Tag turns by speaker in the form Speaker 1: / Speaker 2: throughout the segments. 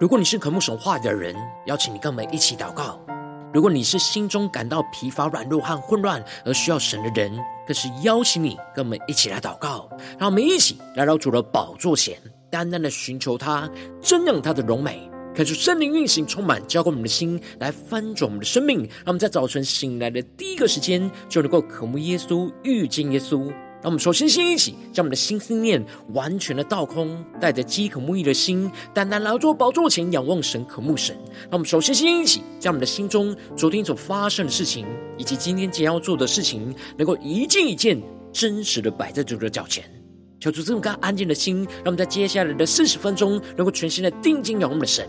Speaker 1: 如果你是渴慕神話的人，邀請你跟我們一起禱告；如果你是心中感到疲乏、軟弱和混亂而需要神的人，更是邀請你跟我們一起來禱告。讓我們一起來到主的寶座前，單單的尋求他，瞻仰他的榮美，看出聖靈運行，充滿澆灌我們的心，來翻轉我們的生命。讓我們在早晨醒來的第一個時間，就能夠渴慕耶穌、遇見耶穌。讓我們首先先一起，將我們的心思念完全的倒空，帶着飢渴慕義的心，單單來到寶座前仰望神、渴慕神。讓我們首先先一起，將我們的心中昨天所發生的事情，以及今天將要做的事情，能夠一件一件真實的擺在主的腳前，求主賜我們安靜的心，讓我們在接下來的四十分鐘，能夠全心的定睛仰望我們的神。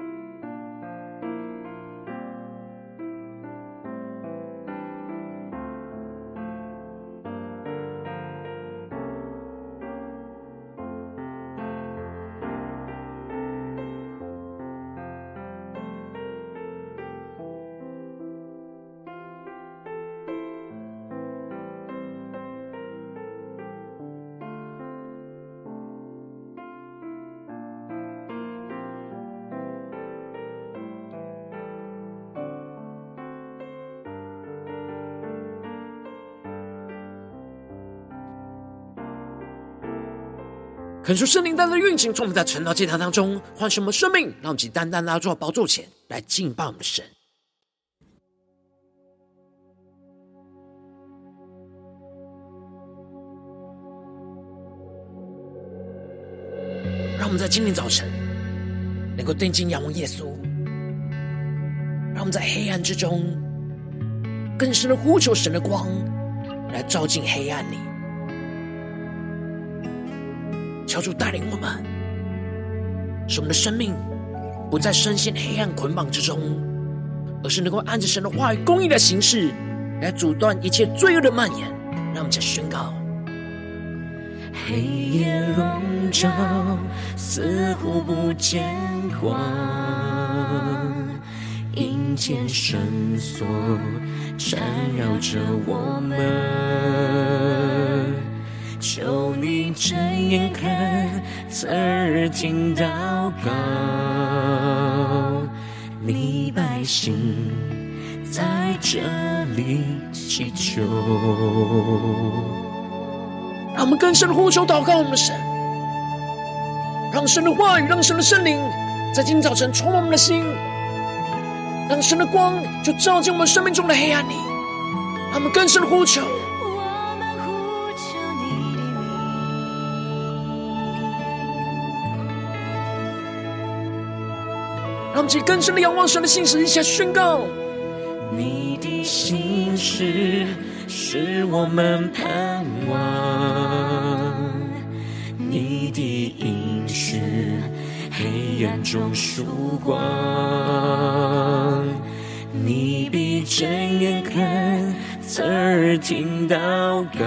Speaker 1: 懇求聖靈大大的運行，充滿我們在晨禱祭壇當中，換取我們的生命，讓我們只單單的來到寶座前來敬拜我們的神。讓我們在今天早晨能夠定睛仰望耶穌，讓我們在黑暗之中更深的呼求神的光來照進黑暗裡。主帶領我們，使我們的生命不再深陷黑暗捆綁之中，而是能夠按着神的話語公義的行事，來阻斷一切罪惡的蔓延。
Speaker 2: 讓我們再宣告：黑夜籠罩，似乎不見光，陰間繩索纏繞着我們。求你睜眼看，側耳聽禱告，你百姓在這裡祈求。讓我們更深呼求禱告，我們的神，讓神的話語，讓神的聖靈，在今天早晨充滿我們的心，讓神的光就照進我們生命中的黑暗裡。讓我們更深呼求。忘記更深的仰望神的信實，一下宣告。你的信實是我們盼望，你的應許黑暗中曙光。你必睜眼看，側耳聽禱告，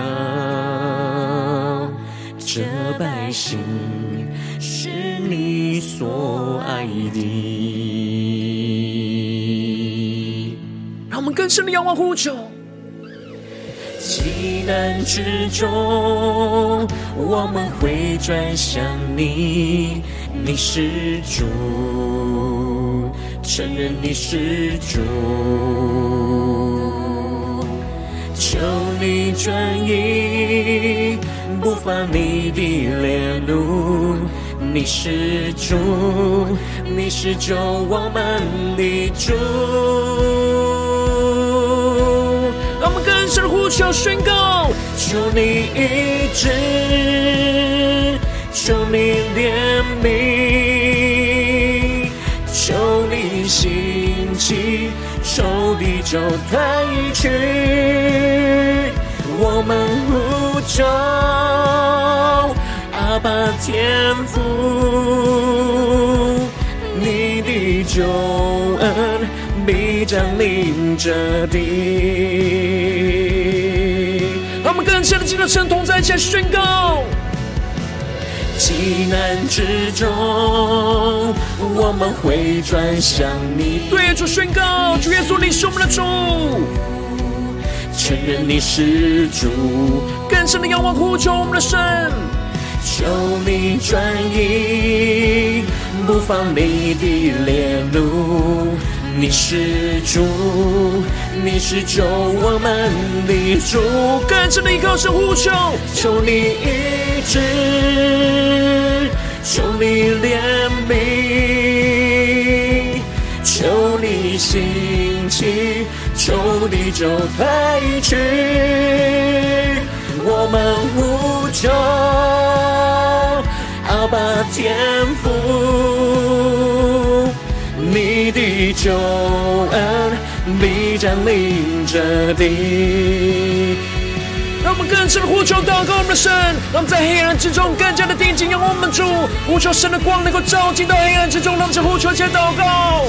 Speaker 2: 這百姓。你所愛的，讓我們更深的仰望呼求。危難之中，我們會轉向你，你是主，承認你是主，求你轉意，不發你的烈怒。你是主，你是救我們的主。我們更深的呼求宣告，求你醫治，求你憐憫，求你興起，求你就彈一我們呼求阿爸。天父，你的救恩必降臨這地。讓我們更深的敬拜神，同在前起宣告。艱難之中，我們會轉向你。對主宣告，主耶穌你是我們的主。承認你是主，更深的仰望呼求我們的神。求你轉移不放你的烈怒。你是主，你是救我們的主，跟著你高聲呼求。求你醫治，求你憐憫，求你興起。求地就退去，我們呼求阿爸天父你的救恩必占領這地。讓我們更深的呼求禱告我們的神，讓我們在黑暗之中更加的定睛，讓我們主呼求神的光能夠照進到黑暗之中，讓我們是呼求且禱告。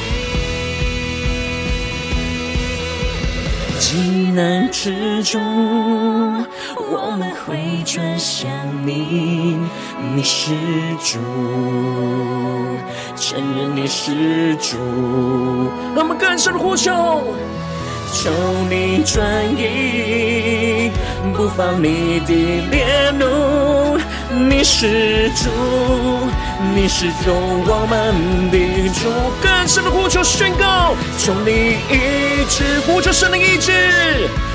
Speaker 2: 危難之中，我們會轉向你，你是主，承認你是主，我們更深的呼求，求你轉移不放你的烈怒，你是主。你是眾我們地，主更深的呼求宣告，求你醫治，呼求神的醫治，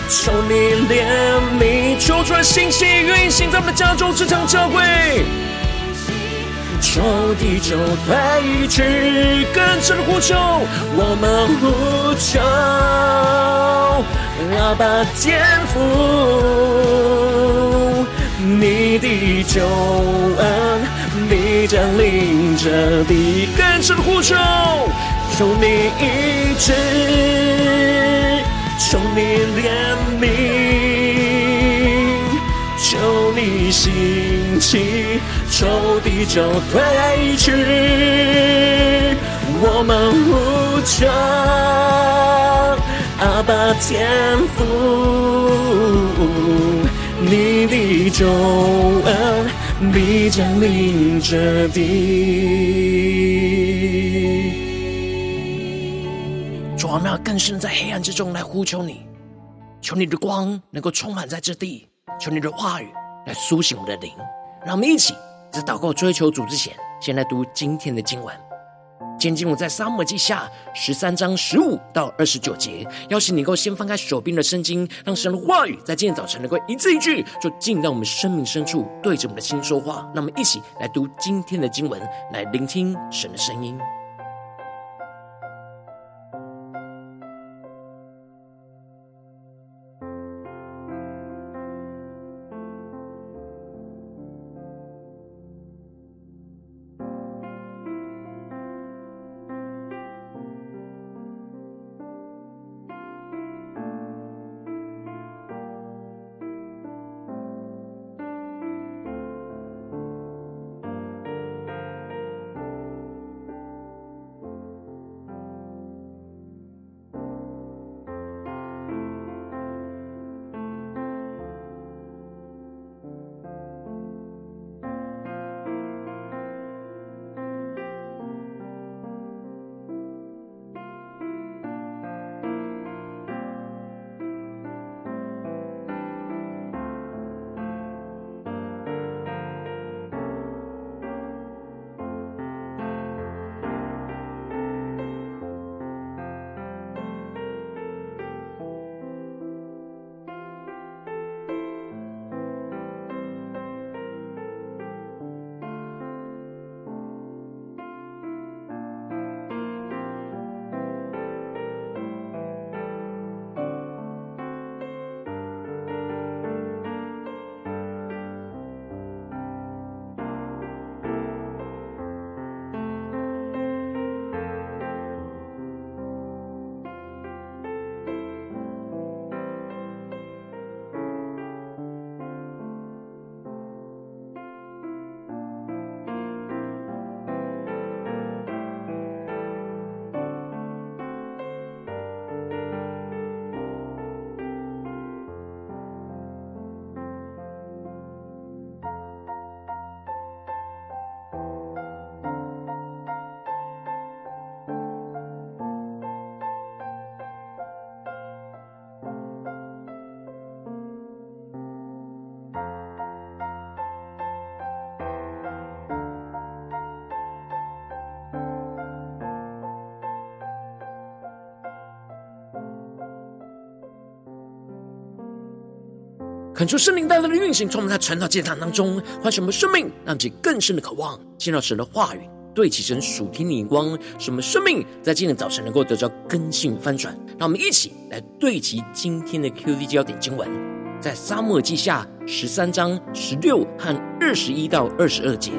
Speaker 2: 求你憐憫，求主來興起運行在我們的家中這堂教會，求地久天長，更深的呼求，我們呼求，阿爸天父，你的救恩。你降臨，這地更深呼求，求你醫治，求你憐憫，求你興起，從地就退去，我們呼求阿爸天父，你的救恩。必着地主啊，我們要更深在黑暗之
Speaker 1: 中來呼求你，求你的光能夠充滿在這地，求你的話語來甦醒我的靈，讓我們一起在禱告追求主之前，先來讀今天的經文。今天經文在撒母耳記下十三章十五到二十九節，邀請你能夠先翻開手邊的聖經，讓神的話語在今天早晨能夠一字一句，就進到我們生命深處，對着我們的心說話，那我們一起來讀今天的經文，來聆聽
Speaker 2: 神的聲音。從聖靈大大的運行，從我們的傳
Speaker 1: 到階段當中，喚醒我們生命，讓其更深的渴望先到神的話語，對齊神屬天的眼光，使我們生命在今天早晨能夠得到更新翻轉。讓我們一起來對齊今天的 QT 焦點經文，在撒母耳記下十三章十六和二十一到二十二節。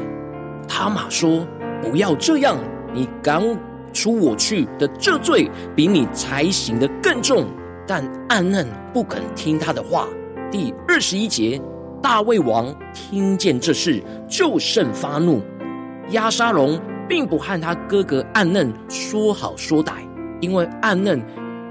Speaker 1: 他瑪說：“不要這樣，你趕出我去的這罪比你才行的更重。”但暗嫩不肯聽他的話。第二十一節，大衛王聽見這事，就甚發怒。押沙龍並不和他哥哥暗嫩說好說歹，因為暗嫩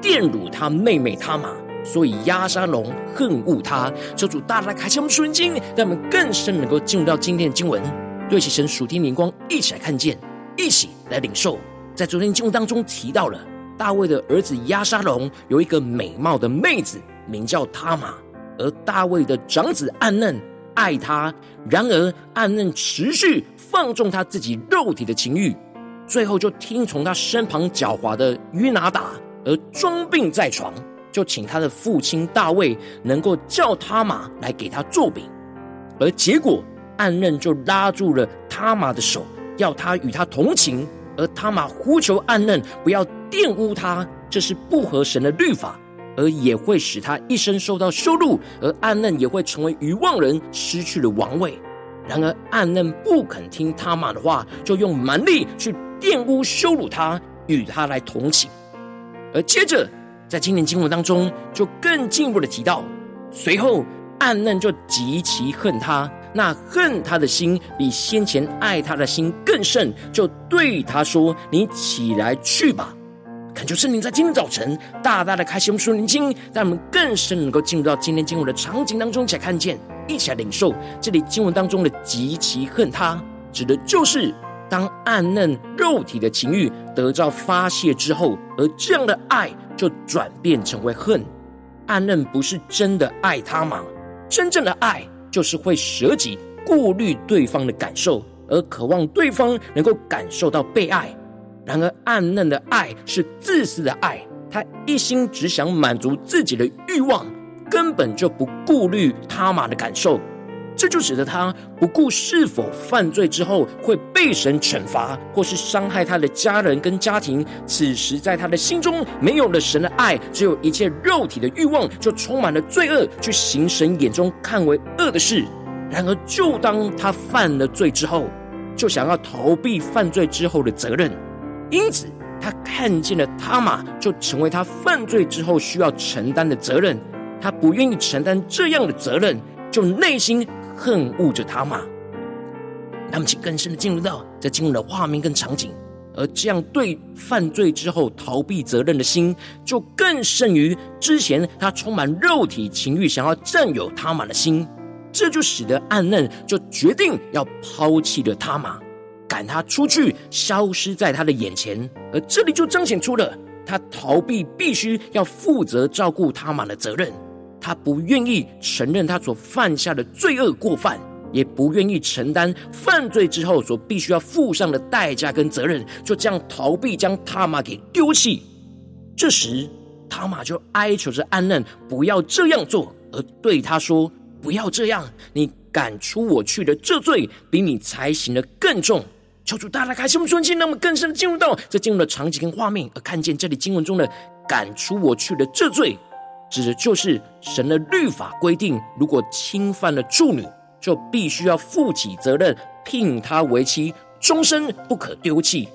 Speaker 1: 玷辱他妹妹他瑪，所以押沙龍恨惡他。求主大大開啟我們屬靈，讓我們更深能夠進入到今天的經文，對其神屬天靈光，一起來看見，一起來領受。在昨天經文當中提到了大衛的兒子押沙龍有一個美貌的妹子，名叫他瑪。而大衛的長子暗嫩愛他，然而暗嫩持續放縱他自己肉體的情慾，最後就聽從他身旁狡猾的約拿達，而裝病在床，就請他的父親大衛能夠叫他瑪來給他做餅。而結果暗嫩就拉住了他瑪的手，要他與他同寢，而他瑪呼求暗嫩不要玷污他，這是不合神的律法。而也會使他一生受到羞辱，而暗嫩也會成為愚妄人，失去了王位。然而暗嫩不肯聽他瑪的話，就用蠻力去玷污、羞辱他，與他來同寢。而接着，在今年經文當中，就更進一步的提到，隨後暗嫩就極其恨他，那恨他的心比先前愛他的心更甚，就對他說：“你起來去吧。”懇求聖靈在今天早晨大大的開啟我們屬靈經，讓我們更深能夠進入到今天經文的場景當中，才看見，一起來領受。這裡經文當中的極其恨他，指的就是當暗嫩肉體的情慾得到發洩之後，而這樣的愛就轉變成為恨。暗嫩不是真的愛他嗎？真正的愛就是會捨己，顧慮對方的感受，而渴望對方能夠感受到被愛。然而，暗嫩的愛是自私的愛，他一心只想滿足自己的慾望，根本就不顧慮他瑪的感受。這就使得他不顧是否犯罪之後會被神懲罰，或是傷害他的家人跟家庭。此時，在他的心中沒有了神的愛，只有一切肉體的慾望，就充滿了罪惡，去行神眼中看為惡的事。然而，就當他犯了罪之後，就想要逃避犯罪之後的責任。因此，他看見了他瑪，就成為他犯罪之後需要承擔的責任。他不願意承擔這樣的責任，就內心恨惡着他瑪。那麼，就更深的進入到，在進入了畫面跟場景，而這樣對犯罪之後逃避責任的心，就更甚於之前他充滿肉體情慾想要佔有他瑪的心。這就使得暗嫩就決定要拋棄了他瑪。趕他出去，消失在他的眼前。而這裡就彰顯出了他逃避必須要負責照顧他瑪的責任。他不願意承認他所犯下的罪惡過犯，也不願意承擔犯罪之後所必須要負上的代價跟責任，就這樣逃避將他瑪給丟棄。這時，他瑪就哀求着暗嫩不要這樣做，而對他說：“不要這樣，你趕出我去的這罪比你才行的更重。”求主大大開，心我順心，讓我們更深的進入到，在進入了場景跟畫面，而看見這裡經文中的趕出我去的這罪，指的就是神的律法規定，如果侵犯了處女，就必須要負起責任，聘她為妻，終身不可丟棄。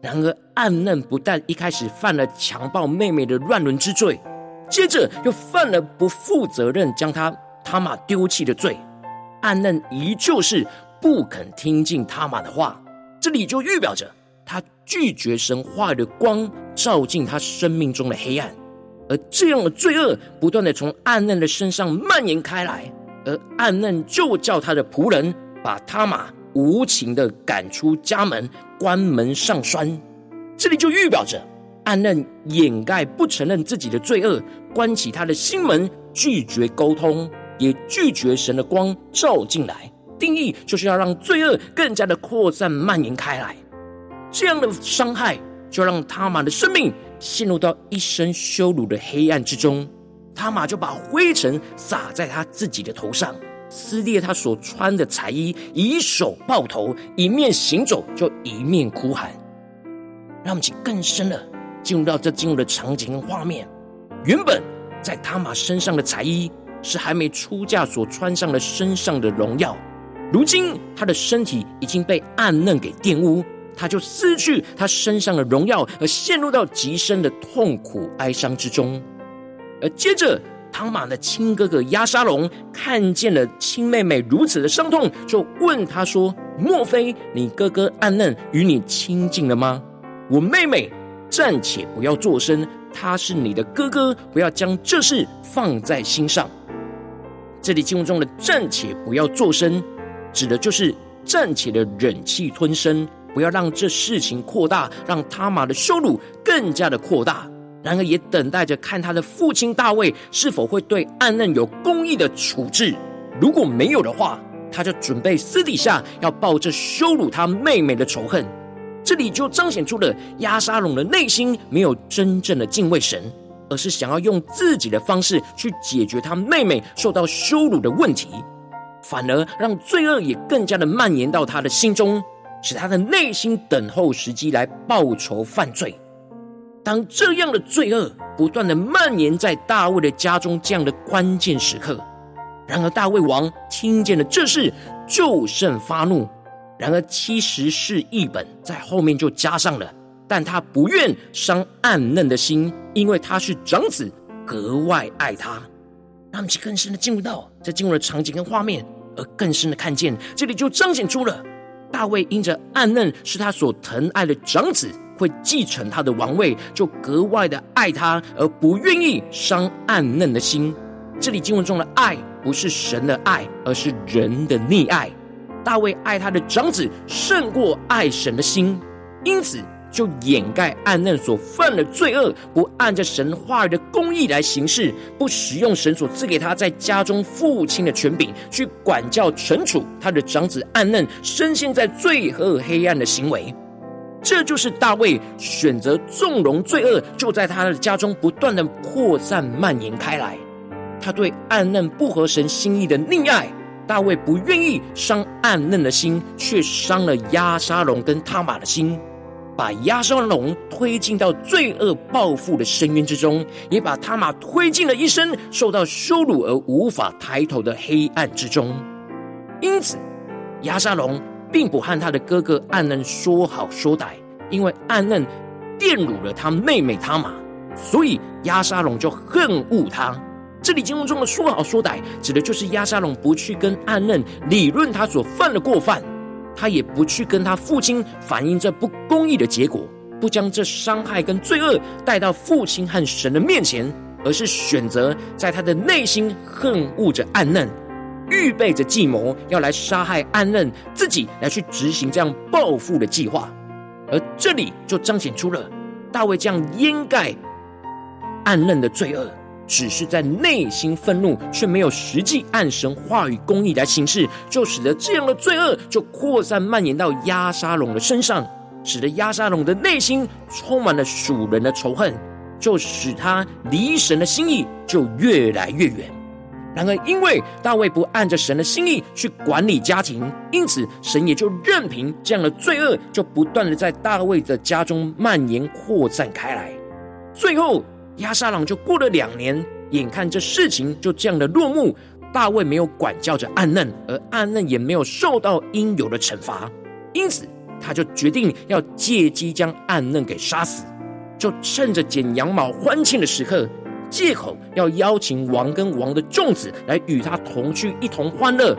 Speaker 1: 然而暗嫩不但一開始犯了強暴妹妹的亂倫之罪，接着又犯了不負責任將她他，他瑪丟棄的罪，暗嫩依舊是不肯聽進他瑪的話。這裡就預表着他拒絕神話的光照進他生命中的黑暗，而這樣的罪惡不斷的從暗嫩的身上蔓延開來，而暗嫩就叫他的僕人把他瑪無情的趕出家門，關門上閂。這裡就預表着暗嫩掩蓋、不承認自己的罪惡，關起他的心門，拒絕溝通，也拒絕神的光照進來。定義就是要讓罪惡更加的擴散、蔓延開來，這樣的傷害就讓他瑪的生命陷入到一生羞辱的黑暗之中。他瑪就把灰塵撒在他自己的頭上，撕裂他所穿的彩衣，以手抱頭，一面行走就一面哭喊。讓我們更深的進入到這進入的場景跟畫面。原本在他瑪身上的彩衣是還沒出嫁所穿上的身上的榮耀。如今他的身體已經被暗嫩給玷污，他就失去他身上的榮耀，而陷入到極深的痛苦哀傷之中。而接着，他瑪的親哥哥押沙龍看見了親妹妹如此的傷痛，就問他說：“莫非你哥哥暗嫩與你親近了嗎？”我妹妹暫且不要作聲，他是你的哥哥，不要將這事放在心上。這裡經文中的“暫且不要作聲”。指的就是暫且的忍氣吞聲，不要讓這事情擴大，讓他瑪的羞辱更加的擴大。然而也等待着看他的父親大衛是否會對暗嫩有公義的處置。如果沒有的話，他就準備私底下要報這羞辱他妹妹的仇恨。這裡就彰顯出了押沙龍的內心沒有真正的敬畏神，而是想要用自己的方式去解決他妹妹受到羞辱的問題。反而讓罪惡也更加的蔓延到他的心中，使他的內心等候時機來報仇犯罪。當這樣的罪惡不斷的蔓延在大衛的家中這樣的關鍵時刻，然而大衛王聽見了這事就甚发怒。然而七十士譯本在後面就加上了，但他不願傷暗嫩的心，因為他是長子，格外愛他。讓我們更深的進入到在進入的場景跟畫面。而更深的看見，這裡就彰顯出了大衛因着暗嫩是他所疼愛的長子，會繼承他的王位，就格外的愛他，而不願意傷暗嫩的心。這裡經文中的愛，不是神的愛，而是人的溺愛。大衛愛他的長子，勝過愛神的心，因此。就掩蓋暗嫩所犯的罪惡，不按着神話語的公義來行事，不使用神所賜給他在家中父親的權柄去管教懲處他的長子暗嫩，深陷在罪惡黑暗的行為。這就是大衛選擇縱容罪惡，就在他的家中不斷的擴散蔓延開來。他對暗嫩不合神心意的溺愛，大衛不願意傷暗嫩的心，卻傷了押沙龍跟他瑪的心。把押沙龍推進到罪惡報復的深淵之中，也把他瑪推進了一生受到羞辱而無法抬頭的黑暗之中。因此，押沙龍並不和他的哥哥暗嫩說好說歹，因為暗嫩玷辱了他妹妹他瑪，所以押沙龍就恨惡他。這裡經文中的說好說歹，指的就是押沙龍不去跟暗嫩理論他所犯的過犯。他也不去跟他父親反映這不公義的結果，不將這傷害跟罪惡帶到父親和神的面前，而是選擇在他的內心恨惡着暗嫩，預備着計謀要來殺害暗嫩，自己來去執行這樣報復的計劃。而這裡就彰顯出了大衛這樣掩蓋暗嫩的罪惡。只是在內心憤怒，卻沒有實際按神話語公義來行事，就使得這樣的罪惡就擴散蔓延到押沙龍的身上，使得押沙龍的內心充滿了屬人的仇恨，就使他離神的心意就越來越遠。然而，因為大衛不按着神的心意去管理家庭，因此神也就任憑這樣的罪惡就不斷的在大衛的家中蔓延擴散開來，最後。押沙龍就過了兩年，眼看這事情就這樣的落幕，大衛沒有管教着暗嫩，而暗嫩也沒有受到應有的懲罰，因此他就決定要借機將暗嫩給殺死，就趁着剪羊毛歡慶的時刻，借口要邀請王跟王的眾子來與他同去一同歡樂，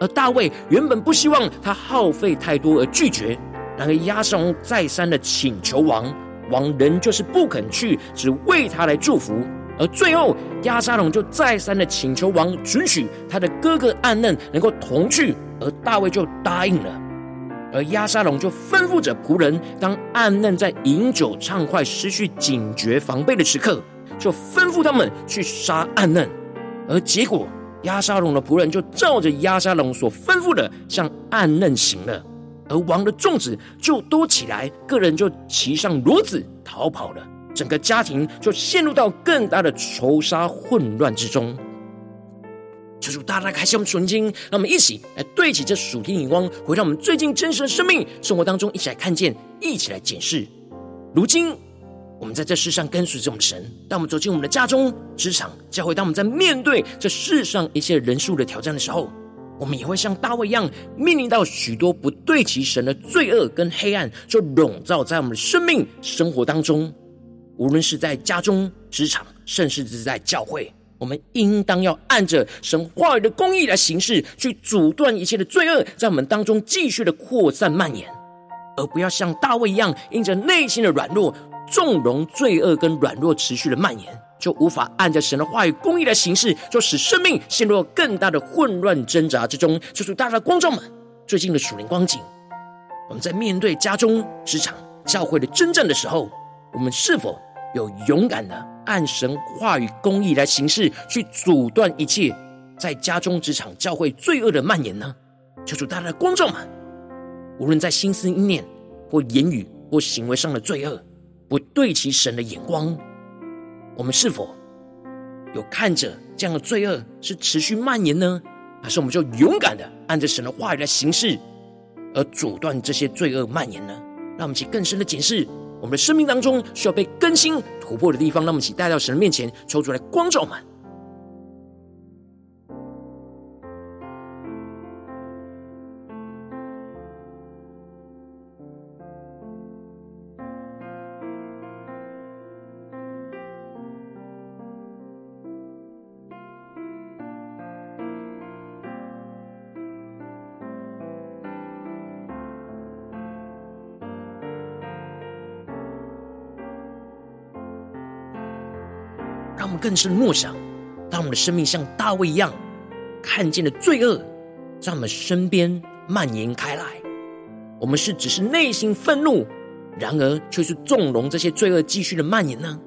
Speaker 1: 而大衛原本不希望他耗費太多而拒絕，然而押沙龍再三的請求王。王仍舊就是不肯去，只為他來祝福。而最後，押沙龍就再三的請求王准許他的哥哥暗嫩能夠同去，而大衛就答應了。而押沙龍就吩咐着僕人，當暗嫩在飲酒暢快、失去警覺防備的時刻，就吩咐他們去殺暗嫩。而結果，押沙龍的僕人就照着押沙龍所吩咐的，向暗嫩行了。而王的眾子就多起來，個人就騎上騾子逃跑了，整個家庭就陷入到更大的仇殺混亂之中。求主，大大開心我們純心，讓我們一起來對起這屬天眼光，回到我們最近真實的生命生活當中，一起來看見，一起來檢視。如今，我們在這世上跟隨着我們的神，當我們走進我們的家中、職場、教會，當我們在面對這世上一些人數的挑戰的時候。我們也會像大衛一樣，面臨到許多不對齊神的罪惡跟黑暗，就籠罩在我們的生命生活當中。無論是在家中、職場，甚至是在教會，我們應當要按着神話語的公義來行事，去阻斷一切的罪惡在我們當中繼續的擴散蔓延，而不要像大衛一樣，因着內心的軟弱。縱容罪惡跟軟弱持續的蔓延，就無法按照神的話語、公義的行事，就使生命陷入更大的混亂掙扎之中。求主，大大的光照們，最近的屬靈光景，我們在面對家中、職場、教會的征戰的時候，我們是否有勇敢的按神話語、公義來行事，去阻斷一切在家中、職場、教會罪惡的蔓延呢？求主，大大的光照們，無論在心思意念、或言語、或行為上的罪惡。不對齊神的眼光，我們是否有看着這樣的罪惡是持續蔓延呢？還是我們就勇敢的按着神的話語來行事，而阻斷這些罪惡蔓延呢？讓我們一起更深的檢視我們的生命當中需要被更新突破的地方。讓我們一起帶到神的面前，抽出來光
Speaker 2: 照滿。更深
Speaker 1: 默想，當我們的生命像大衛一樣，看見了罪惡在我們身邊蔓延開來，我們是只是內心憤怒，然而卻是縱容這些罪惡繼續的蔓延呢？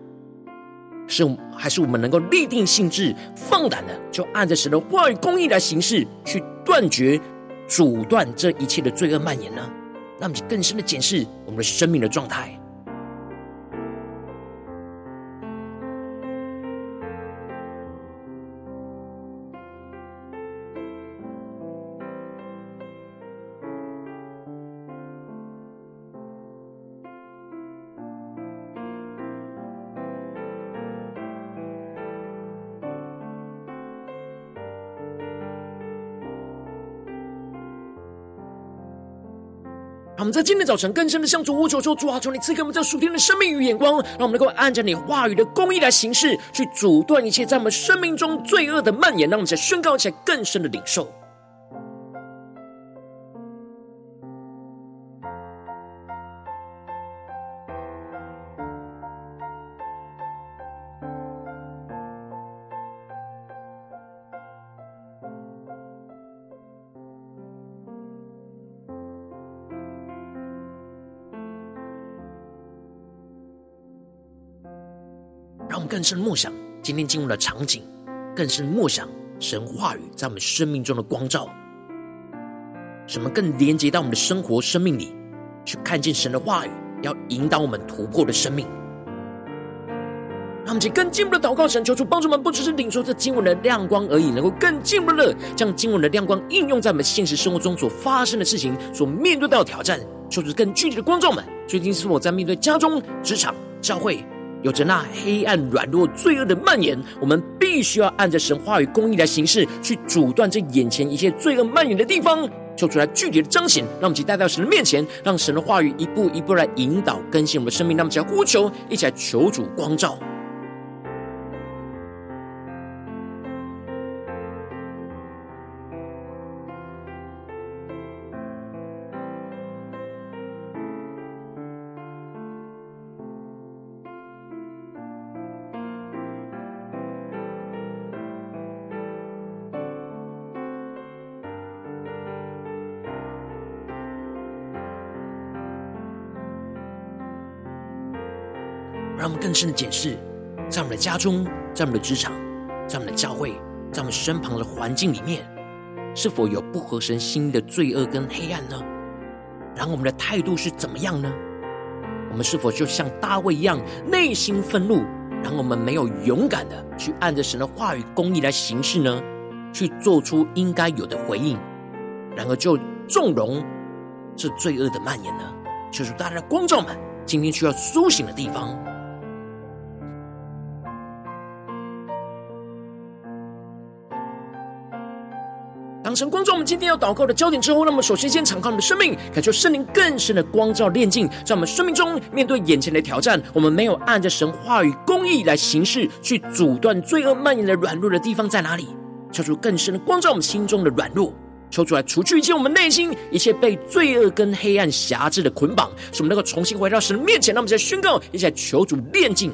Speaker 1: 是還是我們能夠立定心志，放膽的就按着神的話語、公義來行事去斷絕、阻斷這一切的罪惡蔓延呢？那麼我們更深的檢視我們的生命的狀態。
Speaker 2: 在今天早晨，更深的向主呼求，求主啊，求你
Speaker 1: 賜給我們這屬天的生命與眼光，讓我們能夠按照你話語的公義來行事，去阻斷一切在我們生命中罪惡的蔓延，讓我們在宣告，且更深的領受。更深默想，今天進入的場景，更深默想神話語在我們生命中的光照，什麼更連接到我們的生活生命裡，去看見神的話語，要引導我們突破的生命。讓我們請更進步的禱告，神求主幫助我們，不只是領受這經文的亮光而已，能夠更進步的將經文的亮光應用在我們現實生活中所發生的事情，所面對到的挑戰。求主更具體的光照我們，最近是否在面對家中、職場、教會，有着那黑暗軟弱罪惡的蔓延，我們必須要按照神話語公義來行事，去阻斷這眼前一切罪惡蔓延的地方，做出來具體的彰顯。讓我們一起帶到神的面前，讓神的話語一步一步來引導更新我們的生命。那麼只要呼求，一起來求主光照。深深的檢視，在我們的家中，在我們的職場，在我們的教會，在我們身旁的環境裡面，是否有不合神心意的罪惡跟黑暗呢？然後我們的態度是怎麼樣呢？我們是否就像大衛一樣，內心憤怒，然後我們沒有勇敢的去按着神的話語公義來行事呢？去做出應該有的回應，然後就縱容這罪惡的蔓延呢？就是大家的光照們，今天需要甦醒的地方。求主光照，我們今天要禱告的焦點之後，那我們首先先敞開我們的生命，感受聖靈更深的光照煉淨，在我們生命中面對眼前的挑戰，我們沒有按着神話語公義來行事，去阻斷罪惡蔓延的軟弱的地方在哪裡？求主更深的光照我們心中的軟弱，求主來，除去一切我們內心一切被罪惡跟黑暗轄制的捆綁，使我們能夠重新回到神的面前。讓我們先宣告，一起來求主煉淨。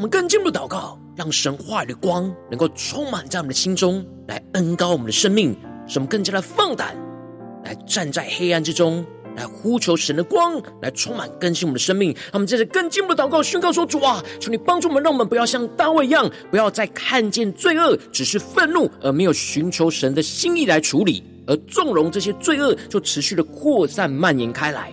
Speaker 1: 我們更進一步禱告，讓神話語的光能夠充滿在我們的心中，來恩膏我們的生命，使我們更加的放膽，來站在黑暗之中，來呼求神的光，來充滿更新我們的生命。他們藉著更進一步的禱告宣告說：“主啊，求你幫助我們，讓我們不要像大衛一樣，不要再看見罪惡，只是憤怒而沒有尋求神的心意來處理，而縱容這些罪惡就持續的擴散蔓延開來。”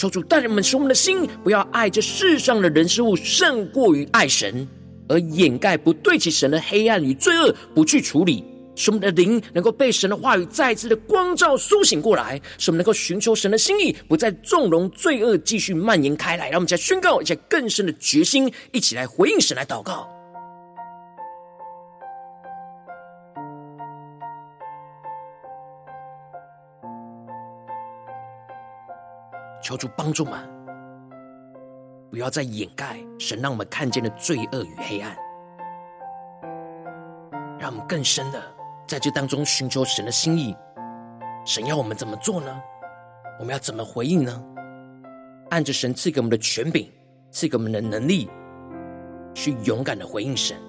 Speaker 1: 求主帶領我們，使我們的心不要愛這世上的人事物勝過於愛神，而掩蓋不對其神的黑暗與罪惡，不去處理；使我們的靈能夠被神的話語再次的光照甦醒過來，使我們能夠尋求神的心意，不再縱容罪惡繼續蔓延開來。讓我們再宣告一下更深的決心，一起來回應神，來禱告。求主幫助我們，不要再掩蓋神讓我們看見的罪惡與黑暗，讓我們更深的在這當中尋求神的心意。神要我們怎麼做呢？我們要怎麼回應呢？按着神賜給我們的權柄，賜給我們的能力，去勇敢的回應神。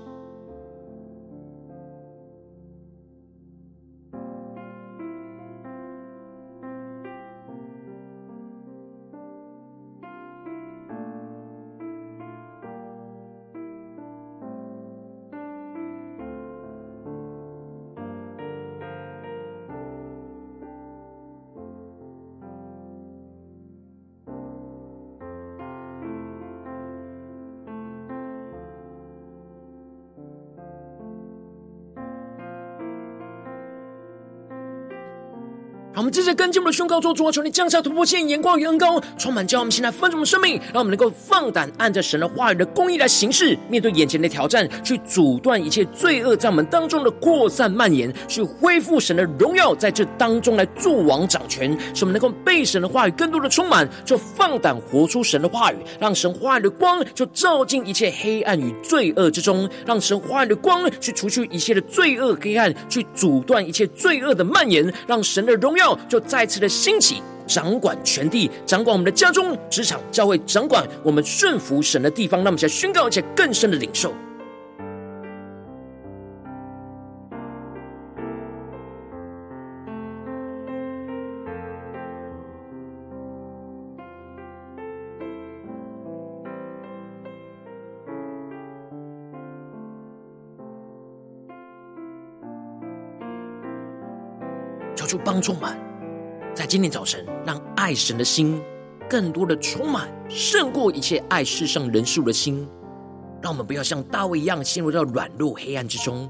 Speaker 2: 我們繼續跟進我們的宣告，做主啊，求你
Speaker 1: 降下突破線、眼光與恩膏，充滿，叫我們現在豐足的生命，讓我們能夠放膽按着神的話語的公義來行事，面對眼前的挑戰，去阻斷一切罪惡在我們當中的擴散蔓延，去恢復神的榮耀在這當中來作王掌權，使我們能夠被神的話語更多的充滿，就放膽活出神的話語，讓神話語的光就照進一切黑暗與罪惡之中，讓神話語的光去除去一切的罪惡黑暗，去阻斷一切罪惡的蔓延，讓神的榮耀。就再次的興起，掌管全地，掌管我們的家中、職場、教會，掌管我們順服神的地方。讓我們來宣告而且更深的領受。就幫助們，在今天早晨，讓愛神的心更多的充滿，勝過一切愛世上人數的心。讓我們不要像大衛一樣陷入到軟弱黑暗之中，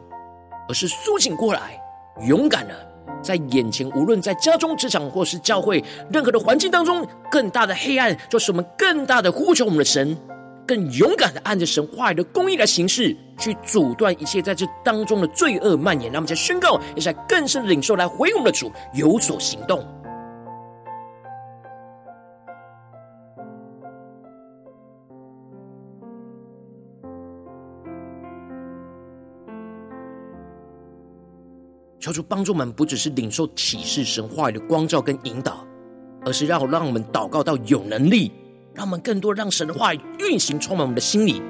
Speaker 1: 而是甦醒過來，勇敢的在眼前，無論在家中、職場或是教會任何的環境當中，更大的黑暗，就是我們更大的呼求我們的神。更勇敢的按着神話語的公義來行事，去阻斷一切在這當中的罪惡蔓延。那麼，在宣告，也在更深的領受，來回應我們的主有所行動。求主幫助我們，不只是領受啟示、神話語的光照跟引導，而是讓讓我們禱告到有能力。讓我們更多讓神的話運行充滿我們的心裡，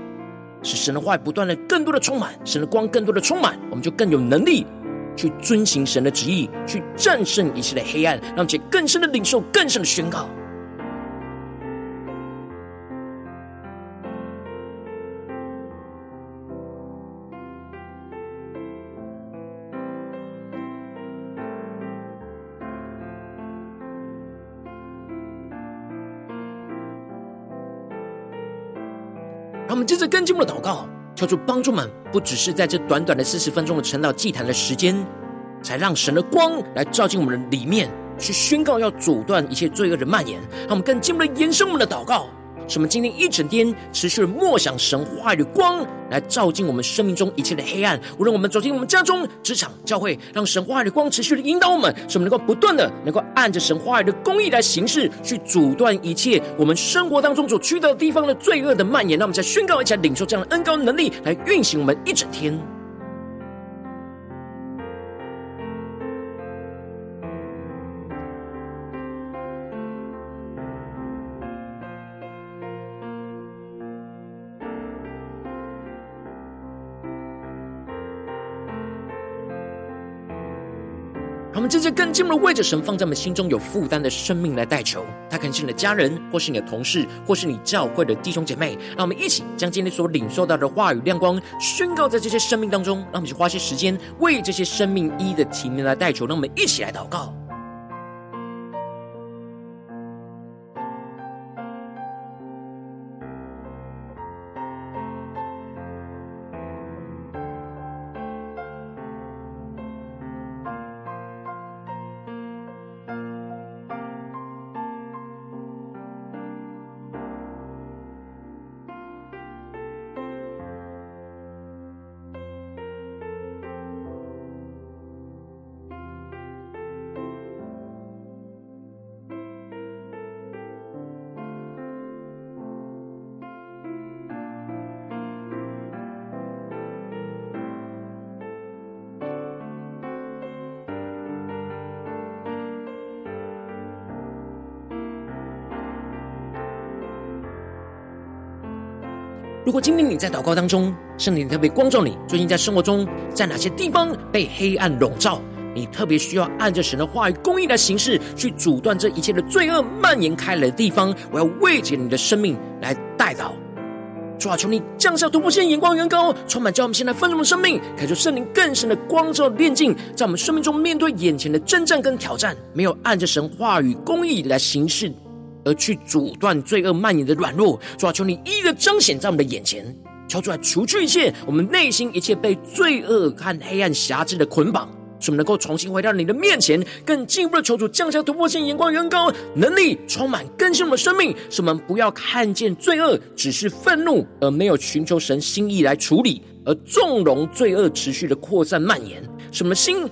Speaker 1: 使神的話不斷的更多的充滿，神的光更多的充滿，我們就更有能力去遵行神的旨意，去戰勝一切的黑暗，讓且更深的領受更深的宣告。讓我們接着跟進我們的禱告，求主幫助們，不只是在這短短的四十分鐘的晨禱祭壇的時間，才讓神的光來照進我們的裡面，去宣告要阻斷一切罪惡的蔓延。讓我們更進一步的延伸我們的禱告。使我們今天一整天持續的默想神話語的光，來照進我們生命中一切的黑暗。無論我們走進我們家中、職場、教會，讓神話語的光持續的引導我們，使我們能夠不斷的能夠按着神話語的公義來行事，去阻斷一切我們生活當中所去到的地方的罪惡的蔓延。那我們再宣告一下，領受這樣的恩膏能力，來運行我們一整天。這些更進入的為着神放在我們心中有負擔的生命來代求，他肯定是你的家人，或是你的同事，或是你教會的弟兄姐妹。讓我們一起將今天所領受到的話語亮光宣告在這些生命當中。讓我們去花些時間為這些生命一一的提名來代求。讓我們一起來禱告。如果今天你在禱告當中，聖靈特別光照你，最近在生活中在哪些地方被黑暗籠罩？你特別需要按着神的話語、公義來行事，去阻斷這一切的罪惡蔓延開來的地方。我要為著你的生命來代禱，主啊，求你降下突破性眼光，遠高充滿，叫我們現在豐盛的生命，開出聖靈更深的光照、煉淨，在我們生命中面對眼前的征戰跟挑戰，沒有按着神話語、公義來行事，而去阻斷罪惡蔓延的軟弱，主啊，求你一一的彰顯在我們的眼前，求主來除去一切我們內心一切被罪惡和黑暗轄制的捆綁，使我們能夠重新回到你的面前，更進一步的求主降下突破性眼光高、遠高能力，充滿更新我們的生命。使我們不要看見罪惡只是憤怒，而沒有尋求神心意來處理，而縱容罪惡持續的擴散蔓延。使我們心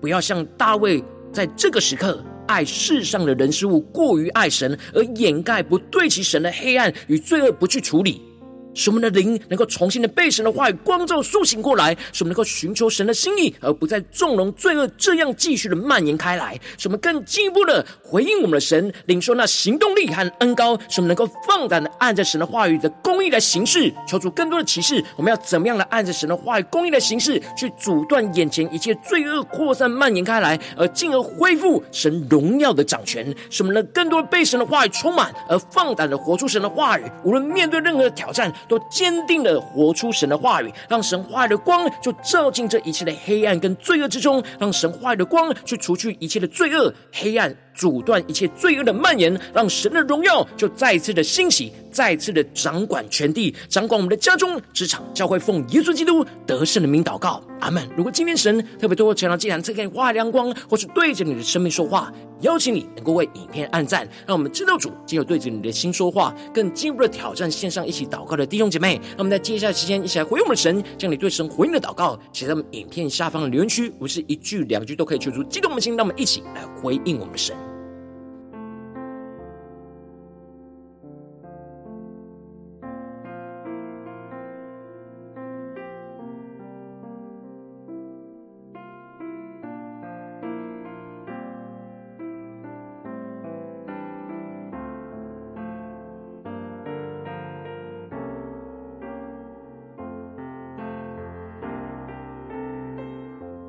Speaker 1: 不要像大衛在這個時刻。愛世上的人事物過於愛神，而掩蓋不對齊神的黑暗與罪惡，不去處理。使我們的靈能夠重新的被神的話語光照甦醒過來，使我們能夠尋求神的心意，而不再縱容罪惡這樣繼續的蔓延開來。使我們更進一步的回應我們的神，領受那行動力和恩膏，使我們能夠放膽的按着神的話語的公義來行事，求主更多的啟示，我們要怎麼樣來按着神的話語公義來行事，去阻斷眼前一切罪惡擴散蔓延開來，而進而恢復神榮耀的掌權。使我們能更多的被神的話語充滿，而放膽的活出神的話語，無論面對任何的挑戰。都堅定的活出神的話語，讓神話的光就照進這一切的黑暗跟罪惡之中，讓神話的光去除去一切的罪惡黑暗。阻斷一切罪惡的蔓延，讓神的榮耀就再次的興起，再次的掌管全地，掌管我們的家中、職場、教會，奉耶穌基督得勝的名禱告，阿門。如果今天神特別透過晨禱祭壇賜給你亮光，或是對着你的生命說話，邀請你能夠為影片按讚，讓我們知道主今日對着你的心說話，更進一步地挑戰線上一起禱告的弟兄姐妹，讓我們在接下來時間一起來回應我們的神，將你對神回應的禱告寫在影片下方的留言區，不是一句兩句都可以求出激動的心，記得我們，讓我們一起來回應我們的神。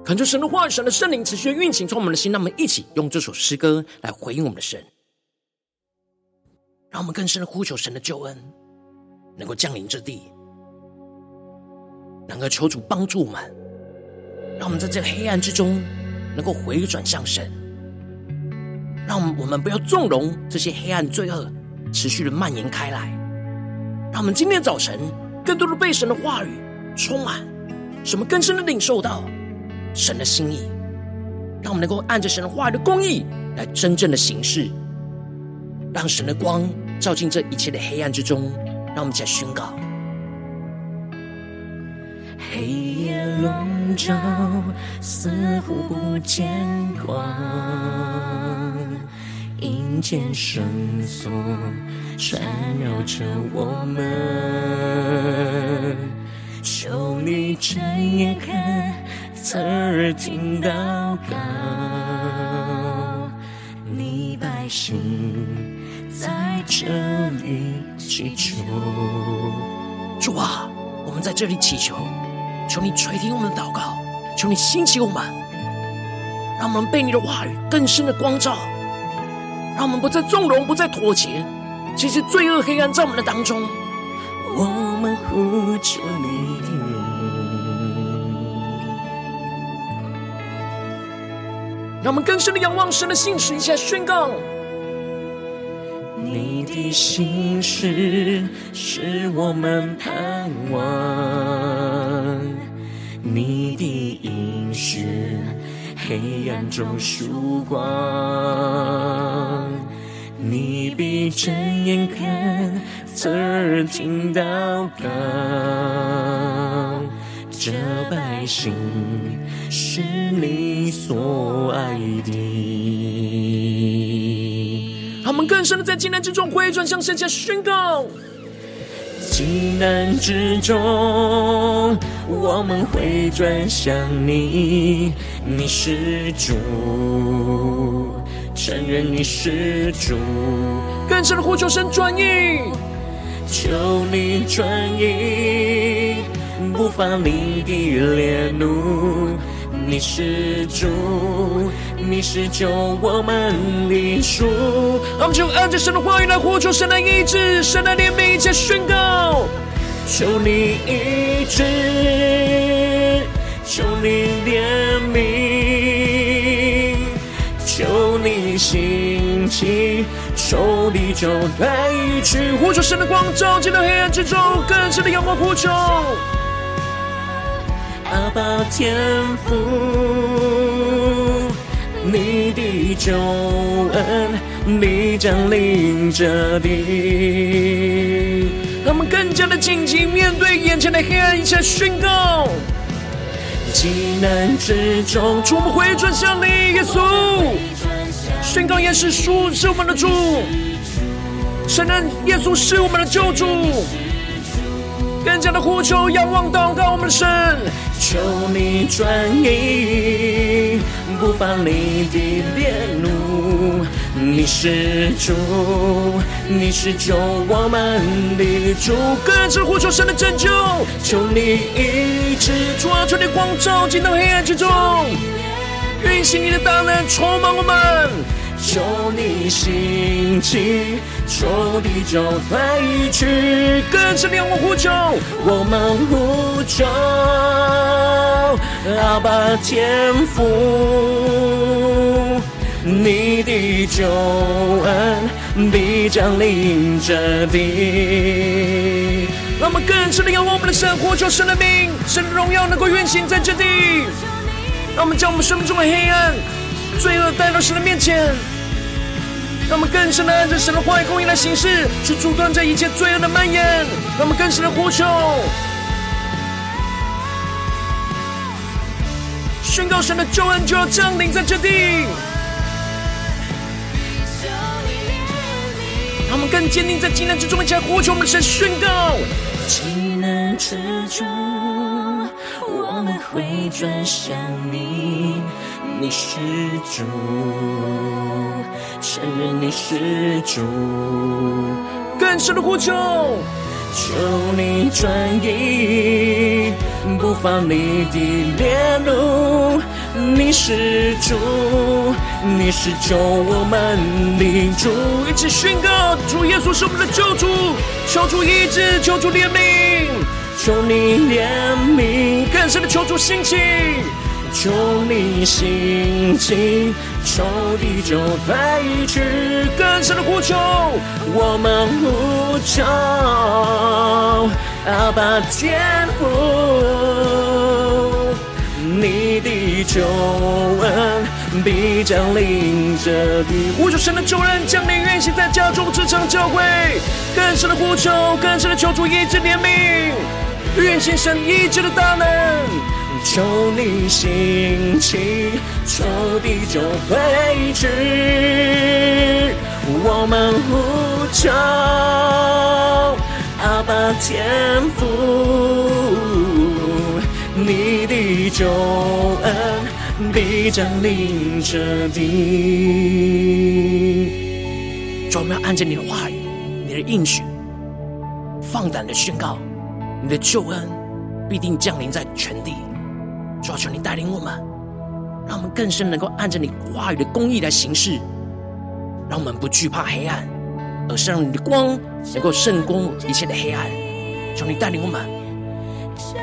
Speaker 1: 懇求神的話語，神的聖靈持續的運行在我們的心，讓我們一起用這首詩歌來回應我們的神，讓我們更深的呼求神的救恩能夠降臨這地，能夠求主幫助我們，讓我們在這個黑暗之中能夠回轉向神，讓我們不要縱容這些黑暗罪惡持續的蔓延開來，讓我們今天早晨更多的被神的話語充滿，什麼更深的領受到神的心意，讓我們能夠按着神的話語的公義來真正的行事，讓神的光照進這一切的黑暗之中，讓我們在宣告。
Speaker 2: 黑夜籠罩，似乎不見光，陰間繩索纏繞着我們，求你睜眼看，側耳聽禱告，你百姓在這裡祈求。主啊，
Speaker 1: 我們在這裡祈求，求你垂聽我們的禱告，求你興起我們，讓我們被你的話語更深的光照，讓我們不再縱容，不再妥協。其實罪惡黑暗在我們的當中，
Speaker 2: 我們呼求你。讓我們更深的仰望神的信實，一下宣告。你的信實是我們盼望，你的應許黑暗中曙光。你必睜眼看，側耳聽到講，這百姓，是你所愛的。讓我們更深的在艱難之中回轉向神，下宣告。艱難之中，我們會轉向你，你是主，承認你是主。更深的呼求神轉意，求你轉意，不發你的烈怒。你是主，你是救，我們的主。我們就按着神的話語來呼求神的醫治、神的憐憫，以及宣告：求你醫治，求你憐憫，求你興起，求你就帶於屈。呼求神的光照進到黑暗之中，更深的陽光呼求。把天父，你的救恩，你掌領之地，他們更加的堅定面對眼前的黑暗，一起宣告：急難之中，主我們，回轉向你，耶穌宣告：耶穌是，是我們的主，主，承認耶穌是我們的救主。更加的呼求，仰望禱告我們的神，求你轉意，不放你的烈怒，你是主，你是救我們的主。跟着的呼求神的拯救，求你一直抓住你，光照進到黑暗之中，允許你的大能充滿我們。求你興起，求地就飛去，更深的仰望呼求，我們呼求，我們呼求阿爸天父，你的救恩必將臨這地。那我們更深的仰望我們的神，活求，神的名，神的榮耀能夠運行在這地。讓我們將我們生命中的黑暗、罪惡帶到神的面前。讓我們更深的按照神的話語公義的形式去阻斷這一切罪惡的蔓延。讓我們更深的呼求，宣 告神的救恩就要降臨在這地。 讓我們更堅定在艱難之中，一起來呼求我們的神宣告。艱難之中，我們會轉向你，你是主。承認你是主，更深的呼求，求你轉意，不放你的烈怒，你是主，你是救我們主。一起宣告，主耶穌是我們的救主，求主醫治，求主憐憫，求你憐憫，更深的求主興起。求你興起，求地久天長，更深的呼求，我們呼求阿爸天父，你的救恩必降臨這地，呼求神的救恩降臨，運行在家中，職場教會，更深的呼求，更深的求主一直憐憫。願獻上一切的大能，求你興起，求地久回長。我們呼求阿爸天父，你的救恩必將臨這地。我
Speaker 1: 們要按著你的話語，你的應許，放膽的宣告。你的救恩必定降臨在全地，主啊，求你帶領我們，讓我們更深能夠按着你話語的公義來行事，讓我們不懼怕黑暗，而是讓你的光能夠勝過一切的黑暗。求你帶領我們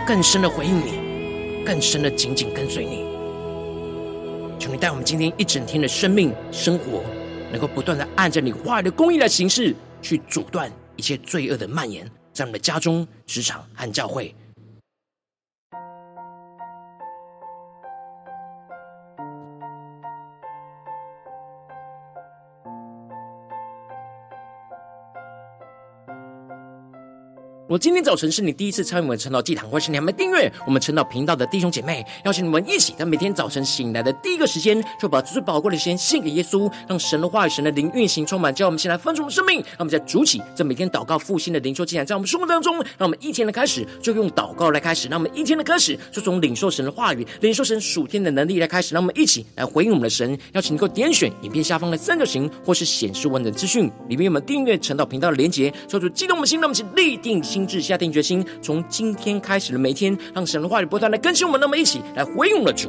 Speaker 1: 更深的回應你，更深的緊緊跟隨你。求你帶我們今天一整天的生命生活，能夠不斷的按着你話語的公義來行事，去阻斷一切罪惡的蔓延。在我們的家中、職場和教會。我今天早晨是你第一次參與我們晨禱祭壇，或是你還沒訂閱我們晨禱頻道的弟兄姐妹，邀請你們一起，在每天早晨醒來的第一個時間，就把最寶貴的時間獻給耶穌，讓神的話語、神的靈運行充滿。叫我們先來分出我們生命，讓我們再築起這每天禱告復興的靈修祭壇在我們生活當中。讓我們一天的開始就用禱告來開始，讓我們一天的開始就從領受神的話語、領受神屬天的能力來開始。讓我們一起來回應我們的神，邀請你夠點選影片下方的三角形，或是顯示完整資訊裡面有我們訂閱晨禱頻道的連結，求主激動我們心，讓我們立定心。立志下定決心，從今天開始的每天，讓神的話語不斷的更新我們，那麼一起來回應了主。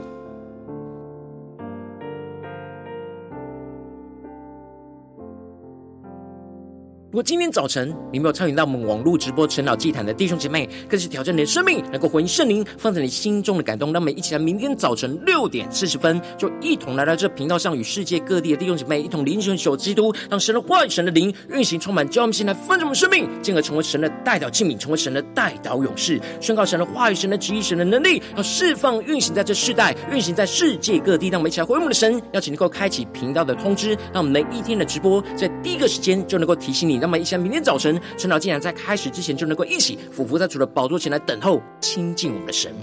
Speaker 1: 如果今天早晨你沒有參與到我們網絡直播晨禱祭壇的弟兄姐妹，更是挑戰你的生命，能夠回應聖靈放在你心中的感動。讓我們一起來，明天早晨六點四十分，就一同來到這頻道上，與世界各地的弟兄姐妹一同領受主基督，讓神的話語、神的靈運行，充滿教我們心，來分享我們生命，進而成為神的代禱器皿，成為神的代禱勇士，宣告神的話語、神的旨意、神的能力，要釋放運行在這世代，運行在世界各地。讓我們一起來回應我們的神，邀請能夠開啟頻道的通知，讓我們每一天的直播在第一個時間就能夠提醒你。那麼一位明天早晨，晨禱祭壇在開始之前就能夠一起俯伏在主的寶座前，來等候親近我們的神。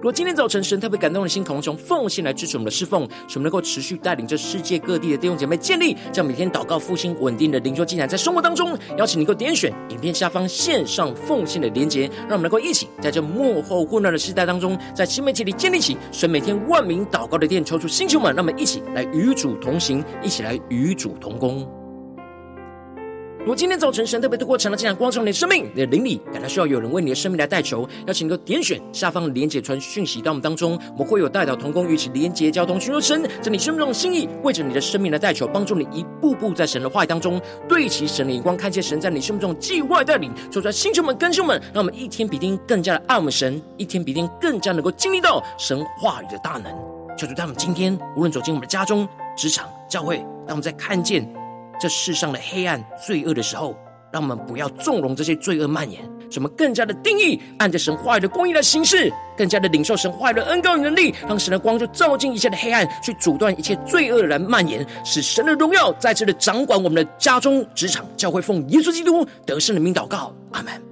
Speaker 1: 如果今天早晨神特別感動的心，渴望從奉獻來支持我們的侍奉，使我們能夠持續帶領着世界各地的弟兄姐妹建立，將每天禱告復興穩定的靈修進展在生活當中邀請你，能夠點選影片下方線上奉獻的連結，讓我們能夠一起在這幕後混亂的世代當中，在新媒體裡建立起神每天萬民禱告的殿抽出星球們，讓我們一起來與主同行，一起來與主同工。如果今天早晨，神特別的透過了這樣光，照你的生命，你的靈裡感到需要有人為你的生命來代求，邀請你點選下方的連結，傳訊息到我們當中，我們會有代禱同工，與你連結交通，尋求神，在你生命中的心意，為着你的生命來代求，幫助你一步步在神的話語當中，對齊神的眼光，看見神在你生命中的計劃的帶領，做出來弟兄們跟弟兄們，讓我們一天比一天更加的愛我們神，一天比一天更加能夠經歷到神話語的大能。求主在我們今天，無論走進我們的家中、職場、教會，讓我們在看見，這世上的黑暗、罪惡的時候，讓我們不要縱容這些罪惡蔓延。什麼更加的定義，按著神話語的公義來行事，更加的領受神話語的恩膏與能力，當神的光就照進一切的黑暗，去阻斷一切罪惡的蔓延，使神的榮耀再次的掌管我們的家中、職場、教會。奉耶穌基督得勝的名禱告，
Speaker 2: 阿門。